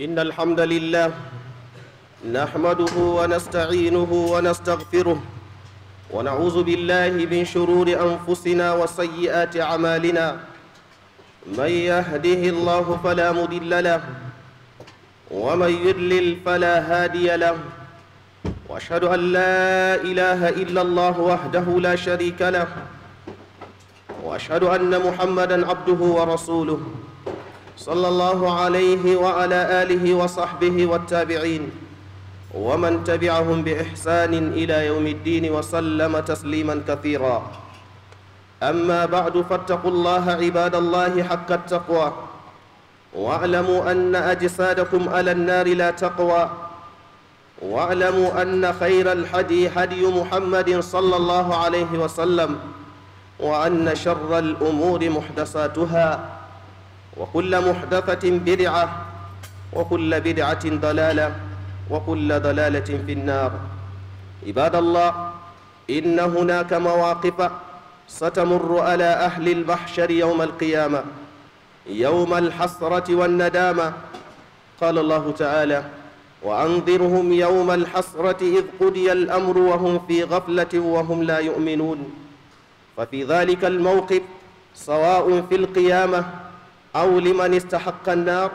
إن الحمد لله نحمده ونستعينه ونستغفره ونعوذ بالله من شرور أنفسنا وسيئات أعمالنا من يهده الله فلا مضل له ومن يضلل فلا هادي له واشهد ان لا اله الا الله وحده لا شريك له واشهد ان محمدا عبده ورسوله صلى الله عليه وعلى آله وصحبه والتابعين ومن تبعهم بإحسان إلى يوم الدين وسلم تسليما كثيرا أما بعد فاتقوا الله عباد الله حق التقوى واعلموا أن أجسادكم على النار لا تقوى واعلموا أن خير الحدي حدي محمد صلى الله عليه وسلم وأن شر الأمور محدثاتها وكل محدثة بدعة وكل بدعة ضلالة وكل ضلالة في النار عباد الله إن هناك مواقف ستمر على أهل البحشر يوم القيامة يوم الحسرة والندامة قال الله تعالى وأنذرهم يوم الحسرة إذ قضي الأمر وهم في غفلة وهم لا يؤمنون ففي ذلك الموقف سواء في القيامة أو لمن استحق النار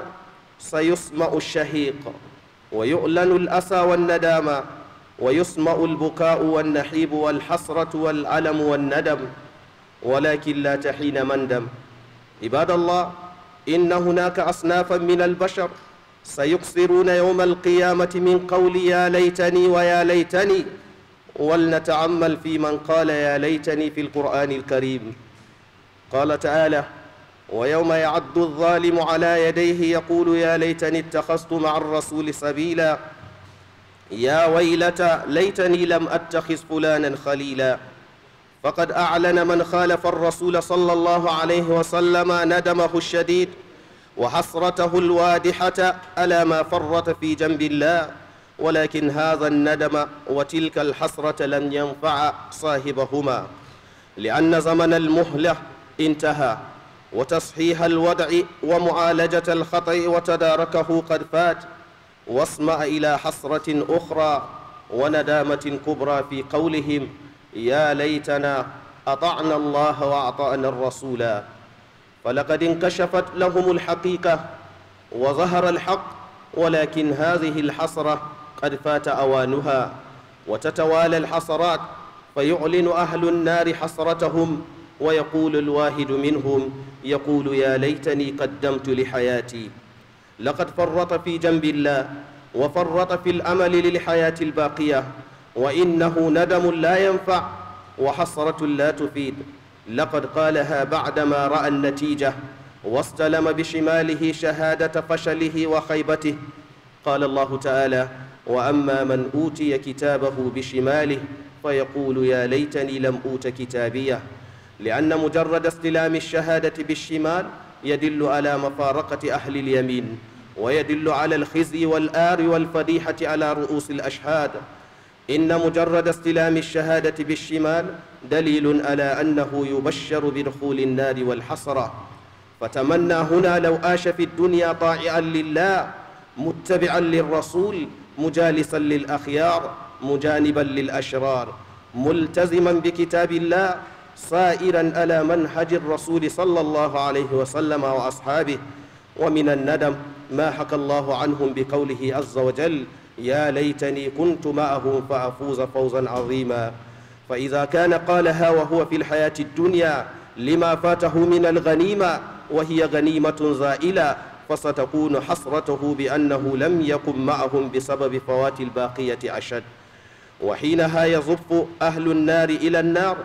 سيسمع الشهيق ويؤلن الأسى والندامة ويسمع البكاء والنحيب والحسرة والألم والندم ولكن لا تحين مندم عباد الله إن هناك أصنافا من البشر سيقصرون يوم القيامة من قول يا ليتني ويا ليتني ولنتعمل في من قال يا ليتني في القرآن الكريم قال تعالى ويوم يعد الظالم على يديه يقول يا ليتني اتخذت مع الرسول سبيلا يا ويلتى ليتني لم اتخذ فلانا خليلا فقد اعلن من خالف الرسول صلى الله عليه وسلم ندمه الشديد وحسرته الوادحه الا ما فرط في جنب الله ولكن هذا الندم وتلك الحسره لن ينفع صاحبهما لان زمن المهله انتهى وتصحيح الوضع ومعالجة الخطأ وتداركه قد فات واصمع إلى حسرة أخرى وندامة كبرى في قولهم يا ليتنا أطعنا الله وأعطانا الرسولا فلقد انكشفت لهم الحقيقة وظهر الحق ولكن هذه الحسرة قد فات أوانها وتتوالى الحسرات فيعلن أهل النار حسرتهم ويقول الواحد منهم يقول يا ليتني قدمت لحياتي لقد فرط في جنب الله وفرط في الامل للحياه الباقيه وانه ندم لا ينفع وحسره لا تفيد لقد قالها بعدما راى النتيجه واستلم بشماله شهاده فشله وخيبته قال الله تعالى واما من اوتي كتابه بشماله فيقول يا ليتني لم اوت كتابيه لأن مجرد استلام الشهادة بالشمال يدل على مفارقة أهل اليمين ويدل على الخزي والآر والفضيحة على رؤوس الأشهاد إن مجرد استلام الشهادة بالشمال دليل على أنه يبشر بدخول النار والحسرة فتمنى هنا لو آش في الدنيا طائعا لله متبعا للرسول مجالسا للأخيار مجانبا للأشرار ملتزما بكتاب الله سائرا على منهج الرسول صلى الله عليه وسلم وأصحابه ومن الندم ما حكى الله عنهم بقوله عز وجل يا ليتني كنت معهم فأفوز فوزا عظيما فإذا كان قالها وهو في الحياة الدنيا لما فاته من الغنيمة وهي غنيمة زائلة فستكون حسرته بأنه لم يكن معهم بسبب فوات الباقية أشد وحينها يزف أهل النار إلى النار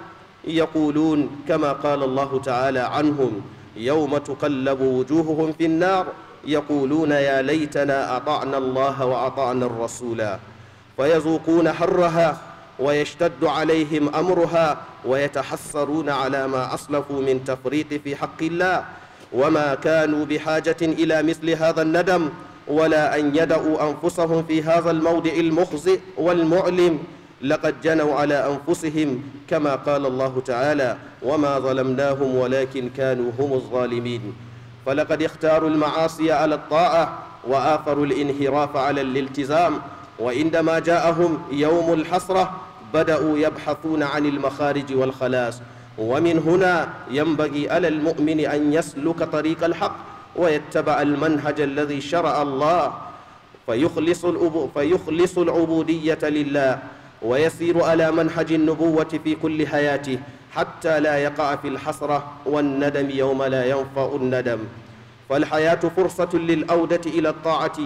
يقولون كما قال الله تعالى عنهم يوم تقلب وجوههم في النار يقولون يا ليتنا أطعنا الله وأطعنا الرسولا فيذوقون حرها ويشتد عليهم أمرها ويتحسرون على ما أصلفوا من تفريط في حق الله وما كانوا بحاجة إلى مثل هذا الندم ولا أن يدأوا أنفسهم في هذا الموضع المخزئ والمعلم لقد جنوا على أنفسهم كما قال الله تعالى وما ظلمناهم ولكن كانوا هم الظالمين فلقد اختاروا المعاصي على الطاعة وآثروا الانحراف على الالتزام وعندما جاءهم يوم الحسرة بدأوا يبحثون عن المخارج والخلاص ومن هنا ينبغي على المؤمن أن يسلك طريق الحق ويتبع المنهج الذي شرع الله فيخلص, فيخلص العبودية لله ويسير على منحج النبوة في كل حياته حتى لا يقع في الحسرة والندم يوم لا ينفع الندم فالحياة فرصة للأودة إلى الطاعة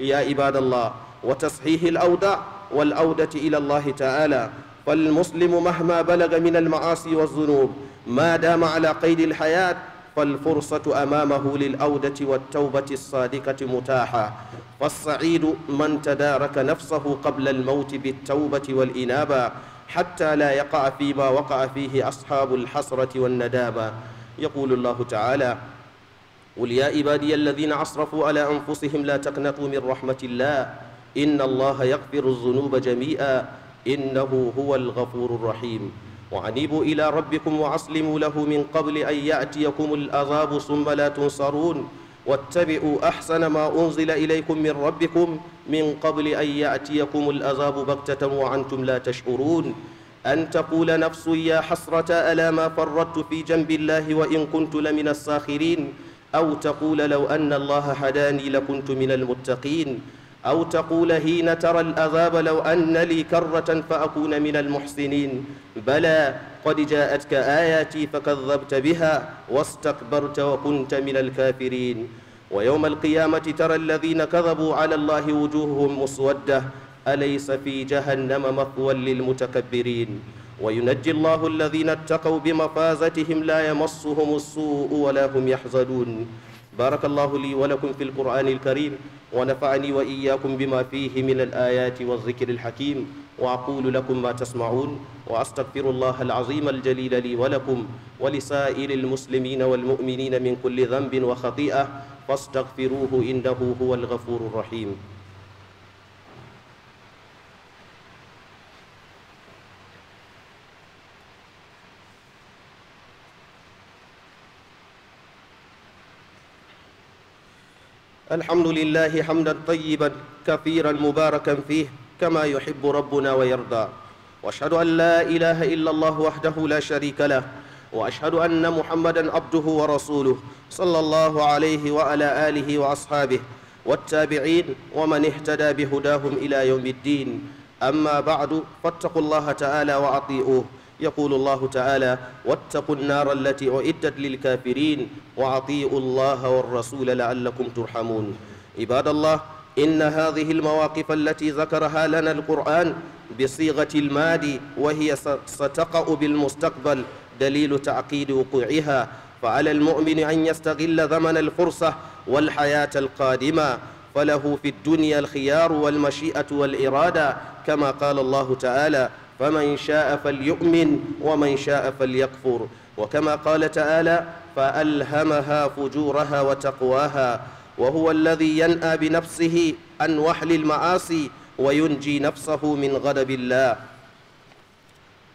يا عباد الله وتصحيح الأودع والأودة إلى الله تعالى فالمسلم مهما بلغ من المعاصي والذنوب ما دام على قيد الحياة فالفرصة أمامه للأودة والتوبة الصادقة متاحة فالصعيد من تدارك نفسه قبل الموت بالتوبة والإنابة حتى لا يقع فيما وقع فيه أصحاب الحسرة والندابة يقول الله تعالى قل يا عبادي الذين أسرفوا على أنفسهم لا تقنطوا من رحمة الله إن الله يغفر الذنوب جميعا إنه هو الغفور الرحيم وأنيبوا إلى ربكم وأسلموا له من قبل أن يأتيكم العذاب ثم لا تنصرون واتبعوا أحسن ما أنزل إليكم من ربكم من قبل أن يأتيكم العذاب بغتة وأنتم لا تشعرون أن تقول نفس يا حسرة ألا ما فرطت في جنب الله وإن كنت لمن الساخرين أو تقول لو أن الله هداني لكنت من المتقين أو تقول حين ترى الأذاب لو أن لي كرة فأكون من المحسنين بلى قد جاءتك آياتي فكذبت بها واستكبرت وكنت من الكافرين ويوم القيامة ترى الذين كذبوا على الله وجوههم مسودة أليس في جهنم مثوى للمتكبرين وينجي الله الذين اتقوا بمفازتهم لا يمصهم السوء ولا هم يحزنون بارك الله لي ولكم في القرآن الكريم ونفعني وإياكم بما فيه من الآيات والذكر الحكيم وأقول لكم ما تسمعون وأستغفر الله العظيم الجليل لي ولكم ولسائر المسلمين والمؤمنين من كل ذنب وخطيئة فاستغفروه إنه هو الغفور الرحيم الحمد لله حمدا طيبا كثيرا مباركا فيه كما يحب ربنا ويرضى واشهد ان لا اله الا الله وحده لا شريك له واشهد ان محمدا عبده ورسوله صلى الله عليه وعلى اله واصحابه والتابعين ومن اهتدى بهداهم الى يوم الدين اما بعد فاتقوا الله تعالى واطيعوه يقول الله تعالى واتقوا النار التي أعدت للكافرين وعطيئوا الله والرسول لعلكم ترحمون عباد الله إن هذه المواقف التي ذكرها لنا القرآن بصيغة المادي وهي ستقع بالمستقبل دليل تعقيد وقوعها فعلى المؤمن أن يستغل ثمن الفرصة والحياة القادمة فله في الدنيا الخيار والمشيئة والإرادة كما قال الله تعالى فمن شاء فليؤمن ومن شاء فليكفر وكما قال تعالى فألهمها فجورها وتقواها وهو الذي ينأى بنفسه عن وحل المعاصي وينجي نفسه من غضب الله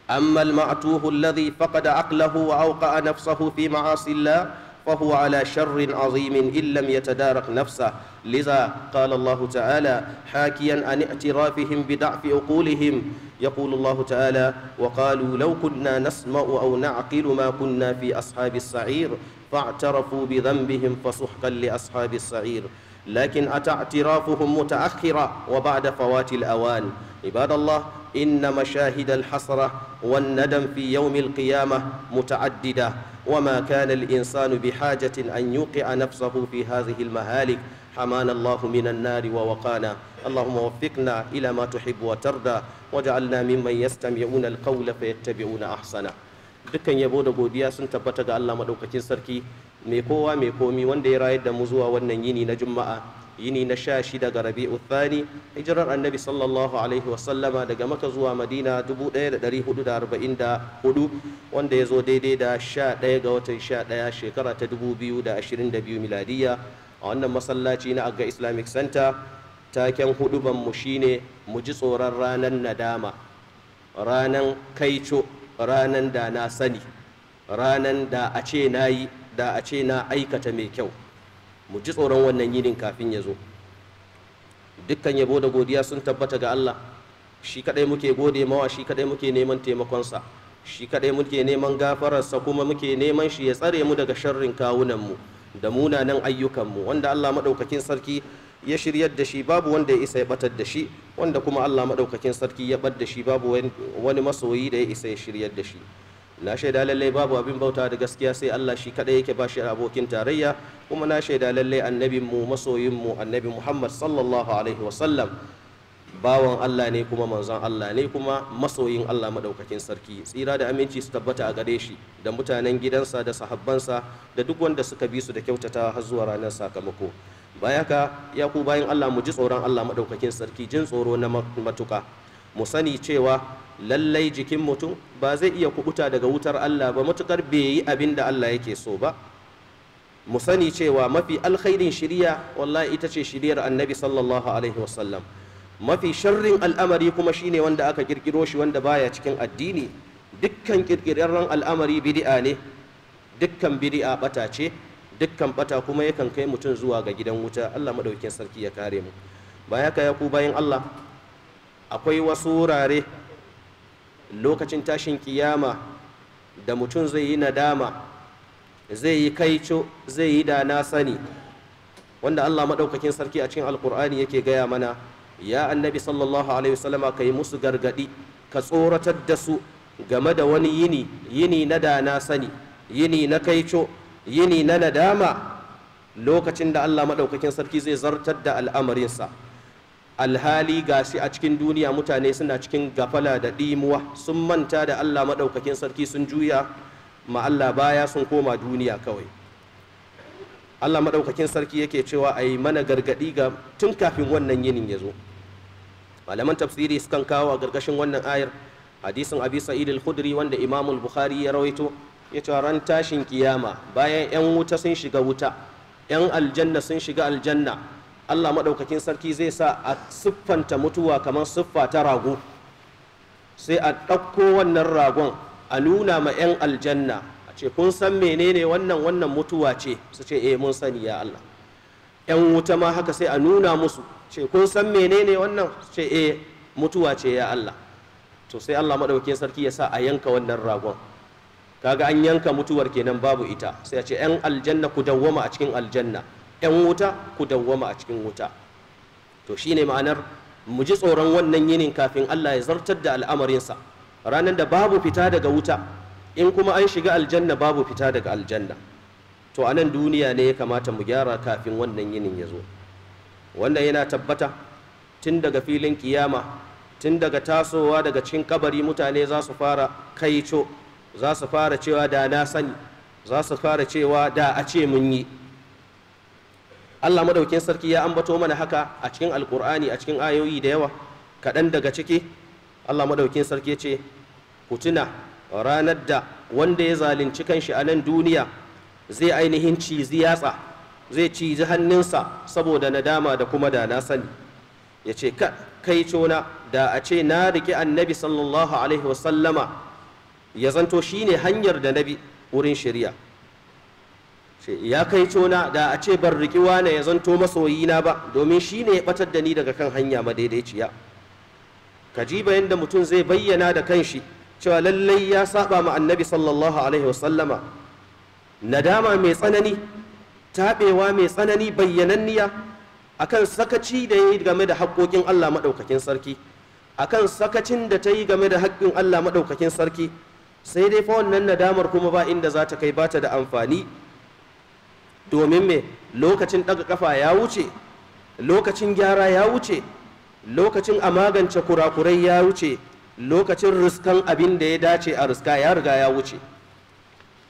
أما المعتوه الذي فقد عقله وأوقع نفسه في معاصي الله فهو على شر عظيم إن لم يتدارك نفسه لذا قال الله تعالى حاكيا عن اعترافهم بضعف عقولهم يقول الله تعالى وقالوا لو كنا نسمع أو نعقل ما كنا في أصحاب السعير فاعترفوا بذنبهم فسحقا لأصحاب السعير لكن أتى اعترافهم متاخرا وبعد فوات الأوان عباد الله إن مشاهد الحسرة والندم في يوم القيامة متعددة وما كان الإنسان بحاجة أن يوقع نفسه في هذه المهالك حمانا الله من النار ووقانا اللهم وفقنا إلى ما تحب وترضى وجعلنا ممن يستمعون القول فيتبعون أحسنه dukkan yabo da godiya sun tabbata ga Allah madaukakin sarki mai kowa mai komi wanda ya rayar da mu zuwa wannan yini na juma'a yini na sha shida ga rabi'u uthani hijirar annabi sallallahu alaihi wasallama daga maka zuwa madina 1444 wanda ya zo daidai da 11 ga watan 11 shekara ta 2022 miladiya a wannan masallaci na agga islamic center taken ban mu shine mu ji tsoron ranar nadama ranan kaico ranan da na sani ranan da a ce na yi da a ce na aikata mai kyau mu ji tsoron wannan yinin kafin ya zo dukkan yabo da godiya sun tabbata ga Allah shi kadai muke gode mawa shi kadai muke neman taimakonsa shi kadai muke neman gafararsa kuma muke neman shi ya tsare mu daga sharrin kawunan mu da munanan mu wanda Allah maɗaukakin sarki ya shiryar da shi babu wanda ya isa ya batar da shi wanda kuma Allah maɗaukakin sarki ya bar da shi babu wani masoyi da ya isa ya shiryar da shi na shaida lalle babu abin bauta da gaskiya sai Allah shi kadai yake bashi abokin tarayya kuma na shaida lallai annabin mu masoyin mu annabi Muhammad sallallahu alaihi sallam bawan Allah ne kuma manzon Allah ne kuma masoyin Allah madaukakin sarki tsira da aminci su tabbata a gare shi da mutanen gidansa da sahabbansa da duk wanda suka bi su da kyautata har zuwa ranar sakamako baya ka ya ku bayan Allah mu ji tsoron Allah madaukakin sarki jin tsoro na matuka mu sani cewa lallai jikin mutum ba zai iya kubuta daga wutar Allah ba matukar bai yi abin da Allah yake so ba mu sani cewa mafi alkhairin shiriya wallahi ita ce shiryar annabi sallallahu alaihi wasallam mafi sharrin al'amari kuma shine wanda aka kirkiro shi wanda baya cikin addini dukkan kirkirarren al'amari bid'a ne dukkan bid'a bata ce dukkan bata kuma yakan kai mutum zuwa ga gidan wuta Allah madaukakin sarki ya kare mu baya ka kai ku bayin Allah akwai wasu wurare lokacin tashin kiyama da mutum zai yi nadama zai yi kaico zai yi da na sani wanda Allah maɗaukakin sarki a cikin alkur'ani yake gaya mana ya annabi sallallahu alaihi wasallama ka yi musu gargaɗi ka tsoratar da su game da wani yini yini na da na sani yini na kaico yini na nadama lokacin da Allah maɗaukakin sarki zai zartar da al'amarinsa alhali ga shi a cikin duniya mutane suna cikin gafala da ɗimuwa sun manta da Allah maɗaukakin sarki sun juya ma Allah baya sun koma duniya kawai Allah maɗaukakin sarki yake cewa a yi mana gargaɗi ga tun kafin wannan yinin ya zo malaman tafsiri sukan kawo a gargashin wannan ayar hadisin abi sa'id al-khudri wanda imamul bukhari ya rawaito ya ce ran tashin kiyama bayan 'yan wuta sun shiga wuta 'yan aljanna sun shiga aljanna Allah maɗaukakin sarki zai sa a siffanta mutuwa kamar siffa ta rago sai a ɗauko wannan ragon a nuna ma 'yan aljanna a ce kun san menene wannan wannan mutuwa ce su ce eh mun sani ya Allah 'yan wuta ma haka sai a nuna musu ce kun san menene wannan su ce eh mutuwa ce ya Allah to sai Allah maɗaukakin sarki ya sa a yanka wannan ragon kaga an yanka mutuwar kenan babu ita sai a ce 'yan aljanna ku dawwama a cikin aljanna 'yan wuta ku dawwama a cikin wuta to shine ma'anar mu ji tsoron wannan yinin kafin Allah ya zartar da al'amarinsa ranar da babu fita daga wuta in kuma an shiga aljanna babu fita daga aljanna to a nan duniya ne ya kamata mu gyara kafin wannan yinin ya zo wannan yana tabbata tun daga filin kiyama tun daga tasowa daga cikin kabari mutane za su fara kaico za su fara cewa da na sani za su fara cewa da a ce mun yi Allah madaukin sarki ya ambato mana haka a cikin alkur'ani a cikin ayoyi da yawa kaɗan daga ciki Allah madaukin sarki ce ku tuna ranar da wanda ya zalunci kanshi a nan duniya zai ainihin cizi yatsa zai cizi hannunsa saboda nadama da kuma da na sani ya ce kai cona da a ce na riƙe annabi sallallahu alaihi wasallama ya zanto shine hanyar da nabi wurin shari'a ya kai tona da a ce ban riƙi wane ya zanto masoyina ba domin shi ne ya ɓatar da ni daga kan hanya madaidaiciya ka ji bayan da mutum zai bayyana da kanshi cewa lallai ya saba ma annabi sallallahu alaihi wasallama nadama mai tsanani taɓewa mai tsanani bayyananniya akan sakaci da ya yi game da haƙoƙin allah maɗaukakin sarki akan sakacin da ta yi game da haƙƙin allah maɗaukakin sarki sai dai fa wannan nadamar kuma ba inda za ta kai ba ta da amfani domin me lokacin ɗaga ƙafa ya wuce lokacin gyara ya wuce lokacin a magance kurakurai ya wuce lokacin ruskan abin da ya dace a ruska ya riga ya wuce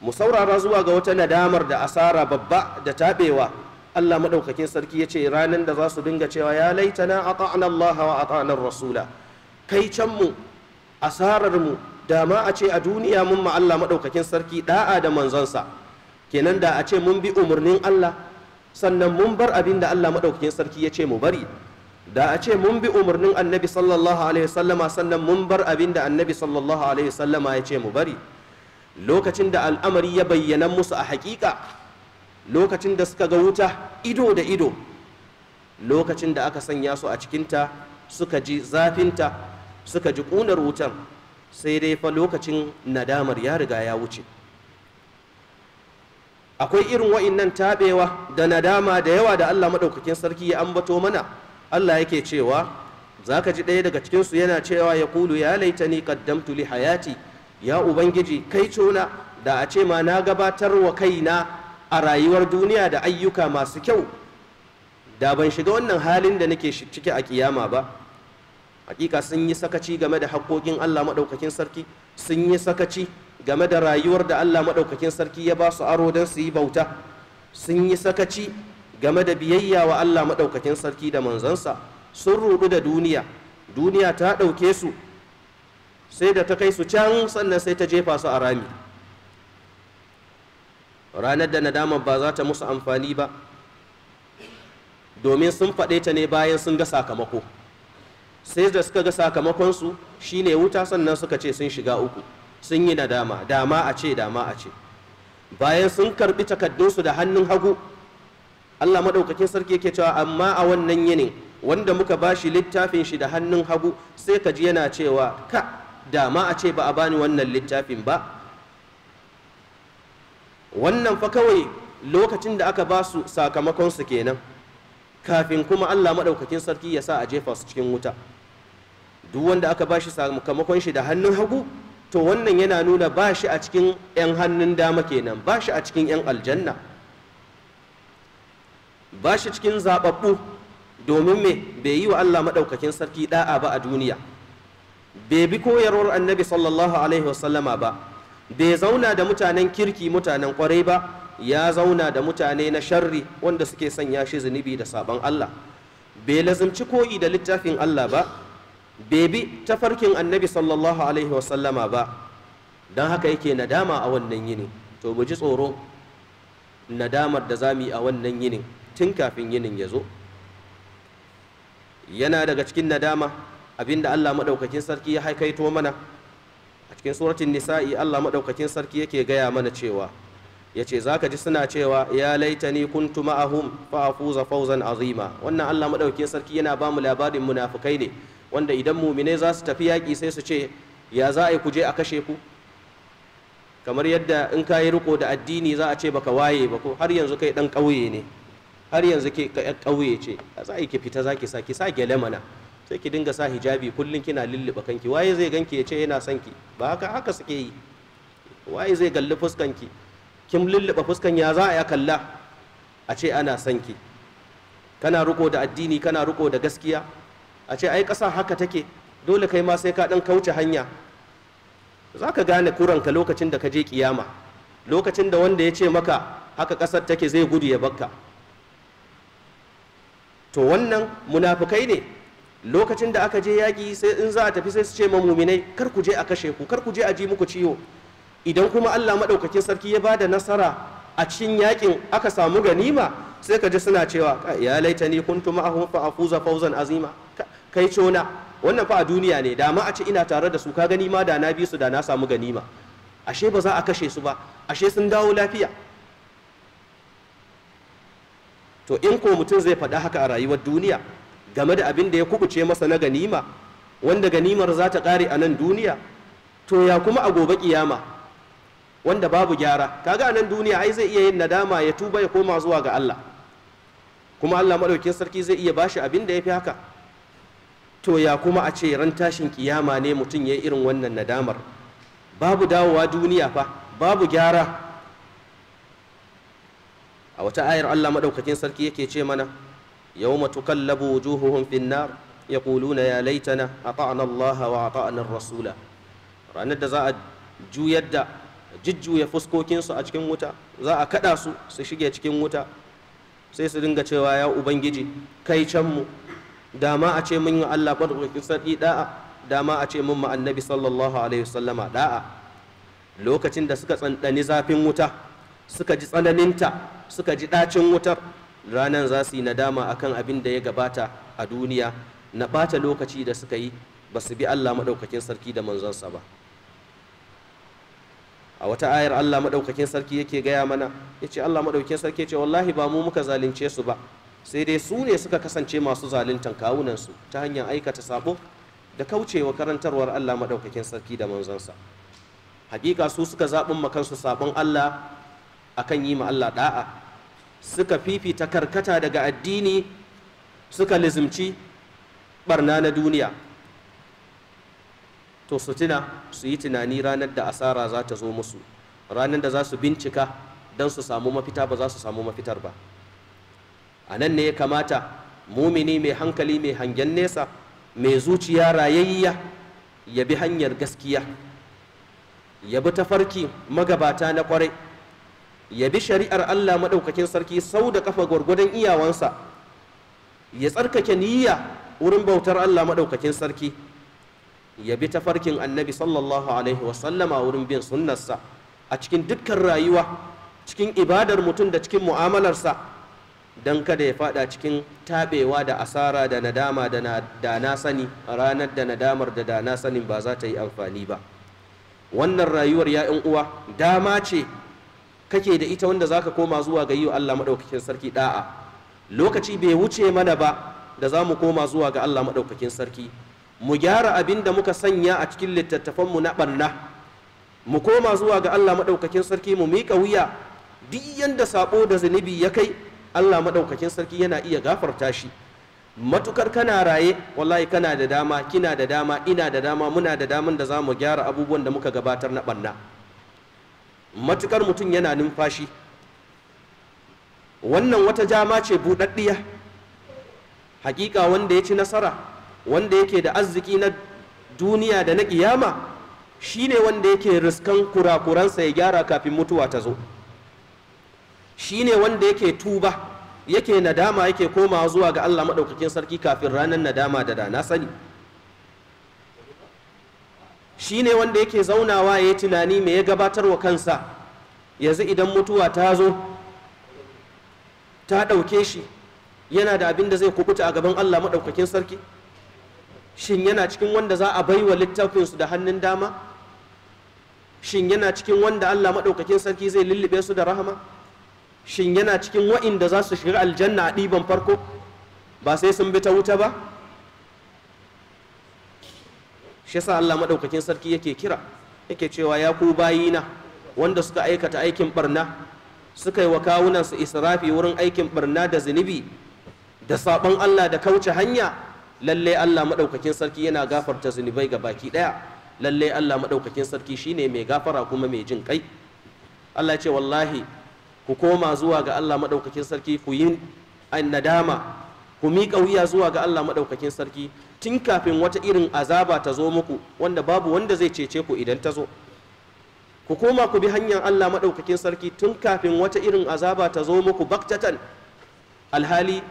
mu saurara zuwa ga wata nadamar da asara babba da taɓewa Allah maɗaukakin sarki ya ce ranar da za su dinga cewa ya laitana a ta'an Allah wa a ta'anar Rasula kai can mu asarar mu dama a ce a duniya mun ma Allah maɗaukakin sarki ɗa'a da manzansa kenan da a ce mun bi umarnin Allah sannan mun bar abin da Allah maɗaukakin sarki ya ce mu bari da a ce mun bi umarnin annabi sallallahu alaihi wasallama sannan mun bar abin da annabi sallallahu alaihi wasallama ya ce mu bari lokacin da al'amari ya bayyana musu a haƙiƙa, lokacin da suka ga wuta ido da ido lokacin da aka sanya su a cikinta suka ji zafinta suka ji ƙunar wutan sai dai fa lokacin nadamar ya riga ya wuce akwai irin nan taɓewa da nadama da yawa da Allah maɗaukakin sarki ya ambato mana Allah yake cewa za ka ji ɗaya daga cikinsu yana cewa ya kulu ya laitani qaddamtu li hayati ya ubangiji kai cona da a ce ma na gabatar wa kaina a rayuwar duniya da ayyuka masu kyau da ban shiga wannan halin da nake cike a kiyama ba hakika sun yi sakaci game da haƙƙoƙin Allah maɗaukakin sarki sun yi sakaci game da rayuwar da Allah maɗaukakin sarki ya ba su aro don su yi bauta sun yi sakaci game da biyayya wa Allah maɗaukakin sarki da manzansa sun ruɗu da duniya duniya ta ɗauke su sai da ta kai su can sannan sai ta jefa su a rami ranar da nadamar ba za ta musu amfani ba domin sun faɗe ta ne bayan sun ga sakamako sai da suka ga sakamakonsu shine wuta sannan suka ce sun shiga uku sun yi nadama dama a ce dama a ce bayan sun karbi takaddunsu da hannun hagu Allah madaukakin sarki yake cewa amma a wannan yinin wanda muka bashi littafin shi da hannun hagu sai ka ji yana cewa ka dama a ce ba a bani wannan littafin ba wannan fa kawai lokacin da aka ba su sakamakon su kenan kafin kuma Allah madaukakin sarki ya sa a jefa su cikin wuta duk wanda aka bashi sakamakon shi da hannun hagu to wannan yana nuna ba shi a cikin 'yan hannun dama kenan ba shi a cikin 'yan aljanna ba shi cikin zaɓaɓɓu domin me bai yi wa Allah maɗaukakin sarki ɗa'a ba a duniya bai bi koyarwar annabi sallallahu alaihi wasallama ba bai zauna da mutanen kirki mutanen ƙwarai ba ya zauna da mutane na sharri wanda suke sanya shi zunubi da sabon Allah bai lazimci koyi da littafin Allah ba bai bi farkin annabi sallallahu alaihi wasallama ba don haka yake nadama a wannan yinin to mu ji tsoro nadamar da za mu yi a wannan yinin tun kafin yinin ya zo yana daga cikin nadama abinda Allah maɗaukakin sarki ya haikaito mana a cikin suratun nisa'i Allah maɗaukakin sarki yake gaya mana cewa ya ce za ka ji suna cewa ya laitani kuntu ma'ahum fa afuza fauzan azima wannan Allah Maɗaukin sarki yana ba mu labarin munafukai ne wanda idan mumine za su tafi yaƙi sai su ce ya za a yi kuje a kashe ku kamar yadda in ka yi riko da addini za a ce baka waye ba ko har yanzu kai dan ƙauye ne har yanzu ke ƙauye ce za a yi ki fita za ki sa ki sa gele mana sai ki dinga sa hijabi kullum kina lulluɓa kanki waye zai ganki ya ce yana son ki ba haka haka suke yi waye zai galli fuskanki kin lulluɓa fuskan ya za a yi kalla a ce ana son ki kana riko da addini kana riko da gaskiya a ce ai ƙasa haka take dole kai ma sai ka ɗan kauce hanya za ka gane kuranka lokacin da ka je kiyama lokacin da wanda ya ce maka haka ƙasar take zai gudu ya bakka to wannan munafukai ne lokacin da aka je yaƙi sai in za a tafi sai su ce mamuminai kar ku je a kashe ku kar ku je a ji muku ciwo idan kuma allah maɗaukakin sarki ya ba da nasara a cikin yaƙin aka samu ganima sai ka ji suna cewa ya laita ni kuntu ma'ahu fa afuza fawzan azima kai cona wannan fa a duniya ne da ma a ce ina tare da su ka gani ma da na bi su da na samu ganima ashe ba za a kashe su ba ashe sun dawo lafiya to in ko mutum zai faɗa haka a rayuwar duniya game da abin da ya kubuce masa na ganima wanda ganimar za ta ƙare a nan duniya to ya kuma a gobe kiyama wanda babu gyara kaga a nan duniya ai zai iya yin nadama ya tuba ya koma zuwa ga Allah kuma Allah maɗaukin sarki zai iya bashi abin da ya fi haka to ya kuma a ce ran tashin kiyama ne mutum ya irin wannan nadamar babu dawowa duniya fa babu gyara a wata ayar Allah madaukakin sarki yake ce mana yau matukallabu wujuhuhum fin nar yaquluna ya laitana ata'na Allah wa ata'na rasula ranar da za a juyar da jujjuya fuskokinsu a cikin wuta za a kada su su shige cikin wuta sai su dinga cewa ya ubangiji kai can mu dama a ce mun yi Allah madaukakin sarki da'a dama a ce mun ma annabi sallallahu alaihi wasallama da'a lokacin da suka tsanɗani zafin wuta suka ji tsananinta suka ji ɗacin wutar ranar za su yi nadama akan abin da ya gabata a duniya na ɓata lokaci da suka yi ba su bi Allah maɗaukakin sarki da manzonsa ba a wata ayar Allah maɗaukakin sarki yake gaya mana ya ce Allah maɗaukakin sarki ya ce wallahi ba mu muka zalunce su ba sai dai su ne suka kasance masu zaluntan kawunansu ta hanyar aikata sabo da kaucewa karantarwar Allah maɗaukakin sarki da manzansa haƙiƙa su suka zaɓin makansu sabon Allah akan yi ma Allah da'a suka fifita karkata daga addini suka lizimci barna na duniya to su tuna su yi tunani ranar da asara za ta zo musu ranar da za su bincika don su samu mafita ba za su samu mafitar ba a nan ne ya kamata mumini mai hankali mai hangen nesa mai zuciya rayayya ya bi hanyar gaskiya ya bi tafarki magabata na kwarai ya bi shari'ar Allah maɗaukakin sarki sau da kafa gwargwadon iyawansa ya tsarkake niyya wurin bautar Allah maɗaukakin sarki ya bi tafarkin annabi sallallahu alaihi wasallama wurin bin sunnarsa a cikin dukkan rayuwa cikin ibadar mutum da cikin mu'amalarsa don kada ya fada cikin taɓewa da asara da nadama da na sani ranar da nadamar da da na sanin ba za ta yi amfani ba wannan rayuwar ya'yan uwa dama ce kake da ita wanda zaka koma zuwa ga yi wa Allah maɗaukakin sarki ɗa'a? lokaci bai wuce mana ba da za mu koma zuwa ga Allah maɗaukakin sarki mu gyara abin da muka sanya a cikin littattafanmu na ɓarna mu koma zuwa ga Allah maɗaukakin sarki mu miƙa wuya duk yadda saɓo da zunubi ya kai Allah maɗaukakin sarki yana iya gafarta shi matukar kana raye wallahi kana da dama kina da dama ina da dama muna da daman da za mu gyara abubuwan da muka gabatar na ɓanna matukar mutum yana numfashi wannan wata jama ce buɗaɗɗiya hakika wanda ya ci nasara wanda yake da arziki na duniya da na ƙiyama shine wanda yake riskan kurakuransa ya gyara kafin mutuwa ta zo shine wanda yake tuba yake nadama yake komawa zuwa ga Allah maɗaukakin sarki kafin ranar nadama da da na sani ne wanda yake zaunawa ya yi tunani mai ya gabatar wa kansa yanzu idan mutuwa ta zo ta ɗauke shi yana da abin da zai kubuta a gaban Allah maɗaukakin sarki shin yana cikin wanda za a baiwa littafinsu da hannun dama shin yana cikin wanda Allah maɗaukakin sarki zai lullube su da rahama shin yana cikin wa'inda za su shiga aljanna a ɗiban farko ba sai sun bi ta wuta ba shi yasa Allah maɗaukakin sarki yake kira yake cewa ya ku bayina wanda suka aikata aikin barna suka yi wa kawunansu israfi wurin aikin barna da zunubi da saɓon Allah da kauce hanya lallai Allah maɗaukakin sarki yana gafarta zunubai ga baki ɗaya lallai Allah maɗaukakin sarki shine mai gafara kuma mai jin kai Allah ce wallahi ku koma zuwa ga Allah maɗaukakin sarki ku yi nadama ku miƙa wuya zuwa ga Allah maɗaukakin sarki tun kafin wata irin azaba ta zo muku wanda babu wanda zai cece ku idan ta zo ku koma ku bi hanyar Allah maɗaukakin sarki tun kafin wata irin azaba ta zo muku baktatan alhali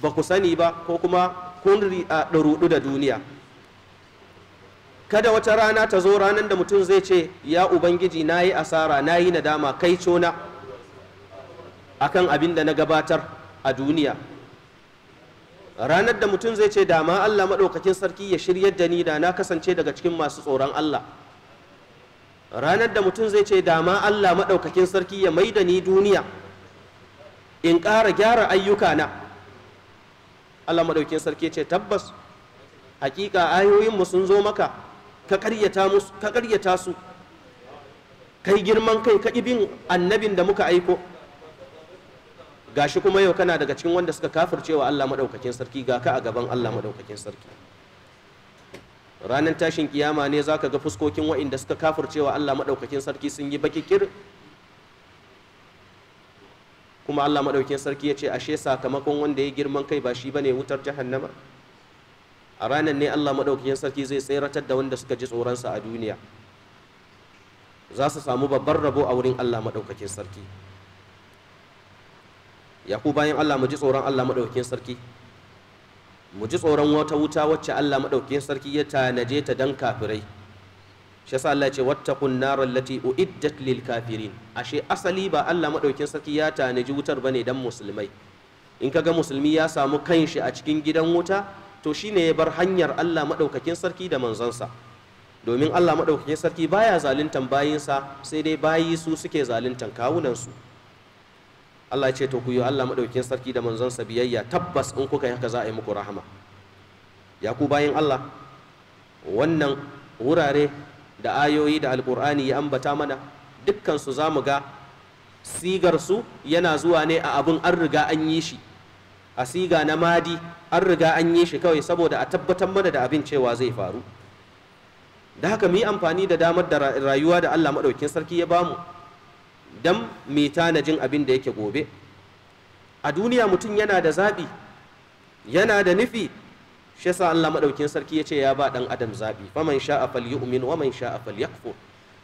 ba ku sani ba ko kuma kun ɗaruɗu da duniya kada wata rana ta zo ranar da mutum zai ce ya ubangiji na yi asara na yi nadama kai cona akan abin da na gabatar a duniya ranar da mutum zai ce dama Allah maɗaukakin sarki ya shiryar da ni da na kasance daga cikin masu tsoron Allah ranar da mutum zai ce dama Allah maɗaukakin sarki ya mai da ni duniya in ƙara gyara ayyukana Allah maɗaukakin sarki ce tabbas hakika ayoyinmu sun zo maka ka ƙaryata su kai girman kai ka bin annabin da muka aiko gashi kuma yau kana daga cikin wanda suka kafircewa Allah madaukakin sarki ga ka a gaban Allah madaukakin sarki ranar tashin kiyama ne zaka ga fuskokin wa'inda suka kafircewa Allah madaukakin sarki sun yi bakikir kuma Allah madaukakin sarki ya ce ashe sakamakon wanda ya girman kai ba shi bane wutar jahannama a ranar ne Allah madaukakin sarki zai tseratar da wanda suka ji sa a duniya za su samu babban rabo a wurin Allah madaukakin sarki ya bayan Allah mu ji tsoron Allah sarki mu ji tsoron wata wuta wacce Allah maɗaukakin sarki ya tanaje ta dan kafirai shi yasa Allah ya ce wattaqun nar allati uiddat lil kafirin ashe asali ba Allah maɗaukakin sarki ya tanaji wutar bane dan musulmai in kaga musulmi ya samu kanshi a cikin gidan wuta to shine ya bar hanyar Allah maɗaukakin sarki da manzansa domin Allah maɗaukakin sarki baya zaluntan bayinsa sai dai bayi su suke zaluntan su. Allah ce to ku yi Allah madaukin sarki da manzonsa biyayya tabbas in kuka yi haka za a yi muku rahama ya ku bayin Allah wannan wurare da ayoyi da alkur'ani ya ambata mana dukkan su zamu ga sigar su yana zuwa ne a abin an riga an yi shi a siga na madi an riga an yi shi kawai saboda a tabbatar mana da abin cewa zai faru da haka mu yi amfani da damar da rayuwa da Allah maɗaukin sarki ya bamu don mai tanajin abin da yake gobe a duniya mutum yana da zaɓi yana da nufi shi yasa Allah madaukin sarki ya ce ya ba dan adam zaɓi faman sha'a falyu'min wa man sha'a falyakfur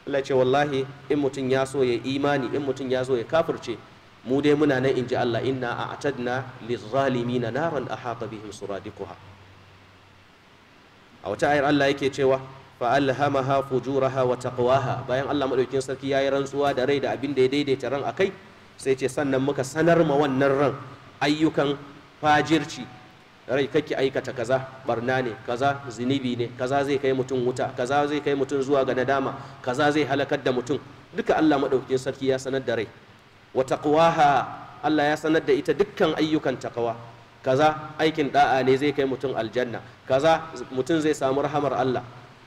Allah ce wallahi in mutum ya so ya imani in mutum ya zo ya kafirce mu dai muna nan in ji Allah inna a'tadna na naran ahata bihim suradikuha a wata ayar Allah yake cewa fa fujuraha wa taqwaha bayan Allah maɗaukin sarki yayi rantsuwa da rai da abin da ya daidaita ran akai sai ce sannan muka sanar ma wannan ran ayyukan fajirci rai kake aikata kaza barna ne kaza zinibi ne kaza zai kai mutum wuta kaza zai kai mutum zuwa ga nadama kaza zai halakar da mutum duka Allah maɗaukin sarki ya sanar da rai wa taqwaha Allah ya sanar da ita dukkan ayyukan taqwa kaza aikin da'a ne zai kai mutum aljanna kaza mutum zai samu rahamar Allah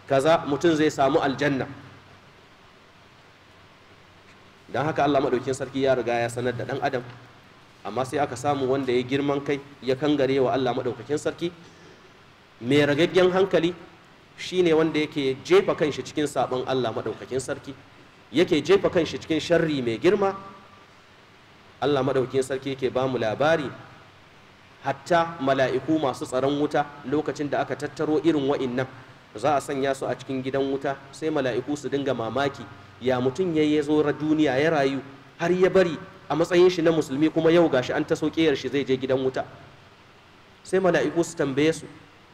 kaza mutum zai samu aljanna don haka allah maɗaukin sarki ya riga ya sanar da ɗan adam amma sai aka samu wanda ya girman kai ya kangare wa allah maɗaukakin sarki mai ragaggen hankali shine wanda yake jefa kanshi cikin sabon allah maɗaukakin sarki yake jefa kanshi cikin sharri mai girma allah maɗaukakin sarki yake ba mu labari hatta mala'iku masu tsaron wuta lokacin da aka tattaro irin wa'innan za a sanya su a cikin gidan wuta sai mala'iku su dinga mamaki ya mutum ya yi zora duniya ya rayu har ya bari a matsayin shi na musulmi kuma yau gashi an ta sokeyar shi zai je gidan wuta sai mala'iku su tambaye su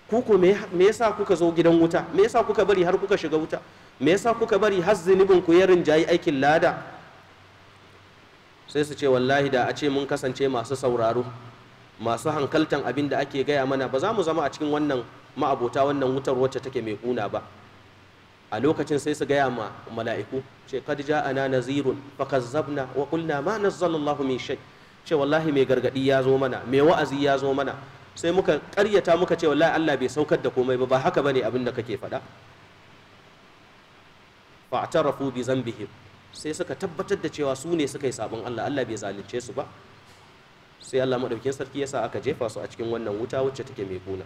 kuku me yasa kuka zo gidan wuta me yasa kuka bari har kuka shiga wuta me yasa kuka bari har zunubin ku ya rinjayi aikin lada sai su ce wallahi da a ce mun kasance masu sauraro masu hankaltan abin da ake gaya mana ba za mu zama a cikin wannan ma'abota wannan wutar wacce take mai kuna ba a lokacin sai su gaya ma mala'iku ce kad ja'ana nazirun fakazzabna wa qulna ma nazzalallahu min shay ce wallahi mai gargadi ya zo mana mai wa'azi ya zo mana sai muka karyata muka ce wallahi Allah bai saukar da komai ba ba haka bane abin da kake faɗa fa'tarafu bi zambihim sai suka tabbatar da cewa su ne suka yi sabon Allah Allah bai zalunce su ba sai Allah madaukin sarki yasa aka jefa su a cikin wannan wuta wacce take mai kuna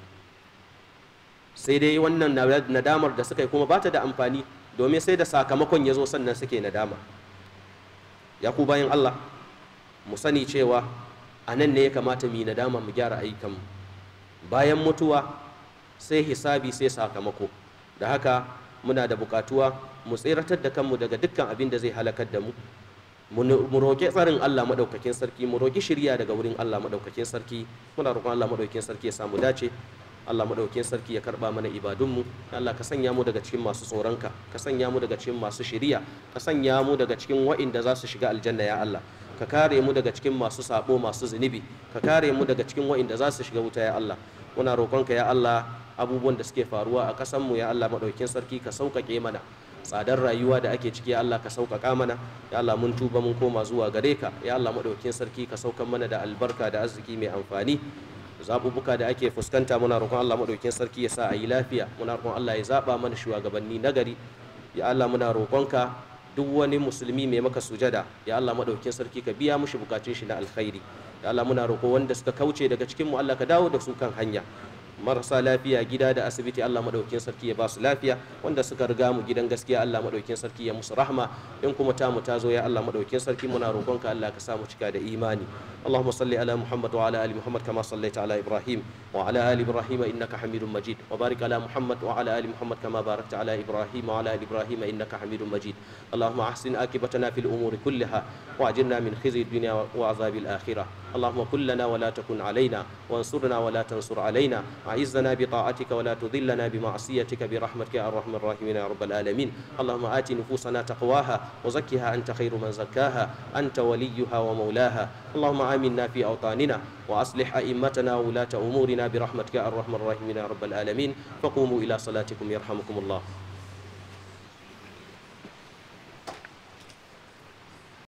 sai dai wannan nadamar da suka yi kuma ba ta da amfani domin sai da sakamakon ya zo sannan suke nadama ya ku bayan Allah mu sani cewa a nan ne ya kamata mu yi nadama mu gyara ayyukanmu bayan mutuwa sai hisabi sai sakamako da haka muna da bukatuwa mu tseratar da kanmu daga dukkan abin da zai halakar da mu mu roƙi tsarin Allah maɗaukakin sarki mu roƙi shirya daga wurin Allah maɗaukakin sarki muna roƙon Allah maɗaukakin sarki ya samu dace Allah madaukakin sarki ya karba mana ibadunmu Allah ka sanya mu daga cikin masu tsoronka ka sanya mu daga cikin masu shiriya ka sanya mu daga cikin wa'inda za su shiga aljanna ya Allah ka kare mu daga cikin masu sabo masu zunubi ka kare mu daga cikin wa'inda za su shiga wuta ya Allah muna roƙonka ya Allah abubuwan da suke faruwa a mu ya Allah madaukakin sarki ka sauƙaƙe mana tsadar rayuwa da ake ciki ya Allah ka sauƙaƙa mana ya Allah mun tuba mun koma zuwa gare ka ya Allah maɗaukin sarki ka saukan mana da albarka da arziki mai amfani zabubuka da ake fuskanta muna roƙon Allah maɗaukin sarki ya sa a yi lafiya muna roƙon Allah ya zaɓa mana shugabanni nagari ya Allah muna roƙonka duk wani musulmi mai maka sujada ya Allah maɗaukin sarki ka biya mushi bukatun shi na alkhairi ya Allah muna roƙo wanda suka kauce daga cikin mu Allah ka dawo da su kan hanya marasa lafiya gida da asibiti Allah madaukakin sarki ya ba su lafiya wanda suka riga mu gidan gaskiya Allah madaukakin sarki ya musu rahma in kuma ta mu zo ya Allah madaukakin sarki muna roƙonka Allah ka sa mu cika da imani Allahumma salli ala Muhammad wa ala ali Muhammad kama sallaita ala Ibrahim wa ala ali Ibrahim innaka Hamidum Majid wa barik Muhammad wa ala Muhammad kama barakta ala Ibrahim wa ala ali Ibrahim innaka Hamidum Majid Allahumma ahsin akibatana fil umuri kulliha wa ajirna min khizyi dunya اللهم كن لنا ولا تكن علينا وانصرنا ولا تنصر علينا أعزنا بطاعتك ولا تذلنا بمعصيتك برحمتك يا أرحم الراحمين يا رب العالمين اللهم آت نفوسنا تقواها وزكها أنت خير من زكاها أنت وليها ومولاها اللهم آمنا في أوطاننا وأصلح أئمتنا وولاة أمورنا برحمتك يا أرحم الراحمين يا رب العالمين فقوموا إلى صلاتكم يرحمكم الله